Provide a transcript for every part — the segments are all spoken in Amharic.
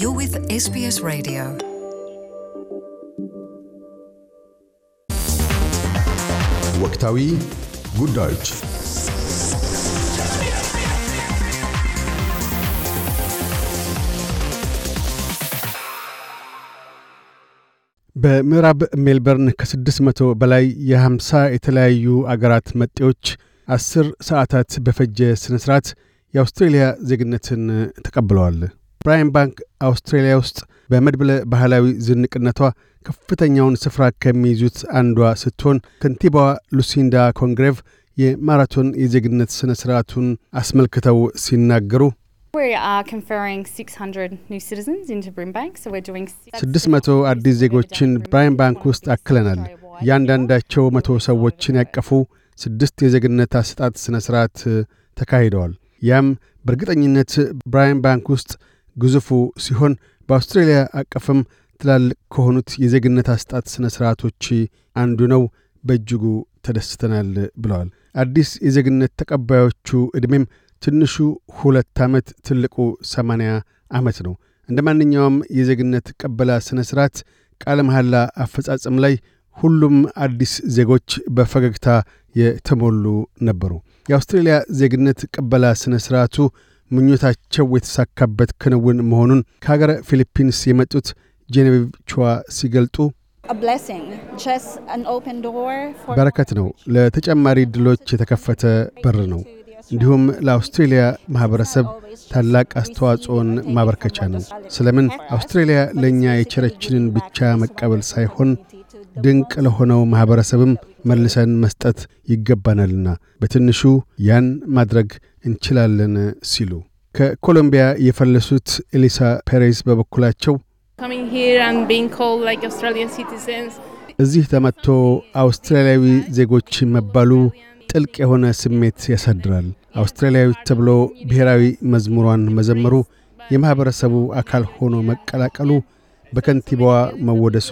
You're with SBS Radio. ወቅታዊ ጉዳዮች በምዕራብ ሜልበርን ከ600 በላይ የ50 የተለያዩ አገራት መጤዎች አስር ሰዓታት በፈጀ ሥነ ሥርዓት የአውስትሬልያ ዜግነትን ተቀብለዋል። ብራያን ባንክ አውስትራሊያ ውስጥ በመድብለ ባህላዊ ዝንቅነቷ ከፍተኛውን ስፍራ ከሚይዙት አንዷ ስትሆን ከንቲባዋ ሉሲንዳ ኮንግሬቭ የማራቶን የዜግነት ሥነ ሥርዓቱን አስመልክተው ሲናገሩ ስድስት መቶ አዲስ ዜጎችን ብራይን ባንክ ውስጥ አክለናል። እያንዳንዳቸው መቶ ሰዎችን ያቀፉ ስድስት የዜግነት አሰጣጥ ሥነ ሥርዓት ተካሂደዋል። ያም በእርግጠኝነት ብራይን ባንክ ውስጥ ግዙፉ ሲሆን በአውስትሬልያ አቀፍም ትላልቅ ከሆኑት የዜግነት አስጣት ሥነ ሥርዓቶች አንዱ ነው። በእጅጉ ተደስተናል ብለዋል። አዲስ የዜግነት ተቀባዮቹ ዕድሜም ትንሹ ሁለት ዓመት፣ ትልቁ ሰማንያ ዓመት ነው። እንደ ማንኛውም የዜግነት ቀበላ ሥነ ሥርዓት ቃለ መሐላ አፈጻጸም ላይ ሁሉም አዲስ ዜጎች በፈገግታ የተሞሉ ነበሩ። የአውስትሬልያ ዜግነት ቀበላ ሥነ ሥርዓቱ ምኞታቸው የተሳካበት ክንውን መሆኑን ከሀገረ ፊሊፒንስ የመጡት ጄኔቪቭ ቹዋ ሲገልጡ በረከት ነው፣ ለተጨማሪ ድሎች የተከፈተ በር ነው። እንዲሁም ለአውስትሬልያ ማኅበረሰብ ታላቅ አስተዋጽኦን ማበርከቻ ነው። ስለምን አውስትሬልያ ለእኛ የቸረችንን ብቻ መቀበል ሳይሆን ድንቅ ለሆነው ማኅበረሰብም መልሰን መስጠት ይገባናልና በትንሹ ያን ማድረግ እንችላለን ሲሉ ከኮሎምቢያ የፈለሱት ኤሊሳ ፔሬዝ በበኩላቸው እዚህ ተመጥቶ አውስትራሊያዊ ዜጎች መባሉ ጥልቅ የሆነ ስሜት ያሳድራል። አውስትራሊያዊ ተብሎ ብሔራዊ መዝሙሯን መዘመሩ፣ የማኅበረሰቡ አካል ሆኖ መቀላቀሉ በከንቲባዋ መወደሱ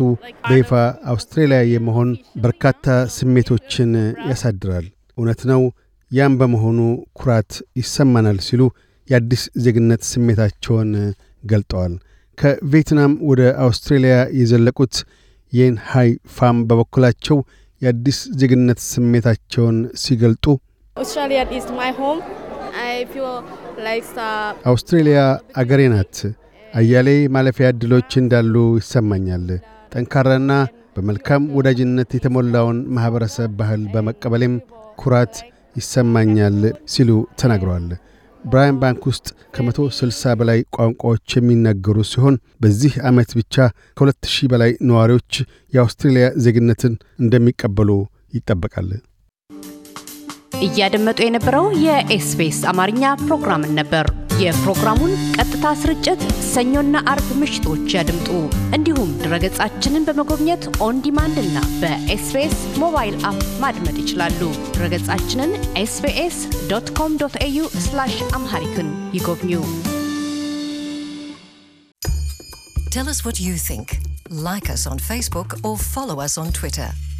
በይፋ አውስትሬልያ የመሆን በርካታ ስሜቶችን ያሳድራል። እውነት ነው። ያም በመሆኑ ኩራት ይሰማናል ሲሉ የአዲስ ዜግነት ስሜታቸውን ገልጠዋል። ከቪየትናም ወደ አውስትሬልያ የዘለቁት የን ሃይ ፋም በበኩላቸው የአዲስ ዜግነት ስሜታቸውን ሲገልጡ uh, አውስትራሊያ አገሬ ናት አያሌ ማለፊያ ዕድሎች እንዳሉ ይሰማኛል። ጠንካራና በመልካም ወዳጅነት የተሞላውን ማኅበረሰብ ባህል በመቀበሌም ኩራት ይሰማኛል ሲሉ ተናግረዋል። ብራያን ባንክ ውስጥ ከመቶ ስልሳ በላይ ቋንቋዎች የሚናገሩ ሲሆን በዚህ ዓመት ብቻ ከሁለት ሺህ በላይ ነዋሪዎች የአውስትሬልያ ዜግነትን እንደሚቀበሉ ይጠበቃል። እያደመጡ የነበረው የኤስቢኤስ አማርኛ ፕሮግራምን ነበር። የፕሮግራሙን ቀጥታ ስርጭት ሰኞና አርብ ምሽቶች ያድምጡ። እንዲሁም ድረገጻችንን በመጎብኘት ኦን ዲማንድ እና በኤስቢኤስ ሞባይል አፕ ማድመጥ ይችላሉ። ድረገጻችንን ኤስቢኤስ ዶት ኮም ዶት ኤዩ አምሃሪክን ይጎብኙ። ቴል አስ ዋት ዩ ቲንክ ላይክ አስ ኦን ፌስቡክ ኦር ፎሎው አስ ኦን ትዊተር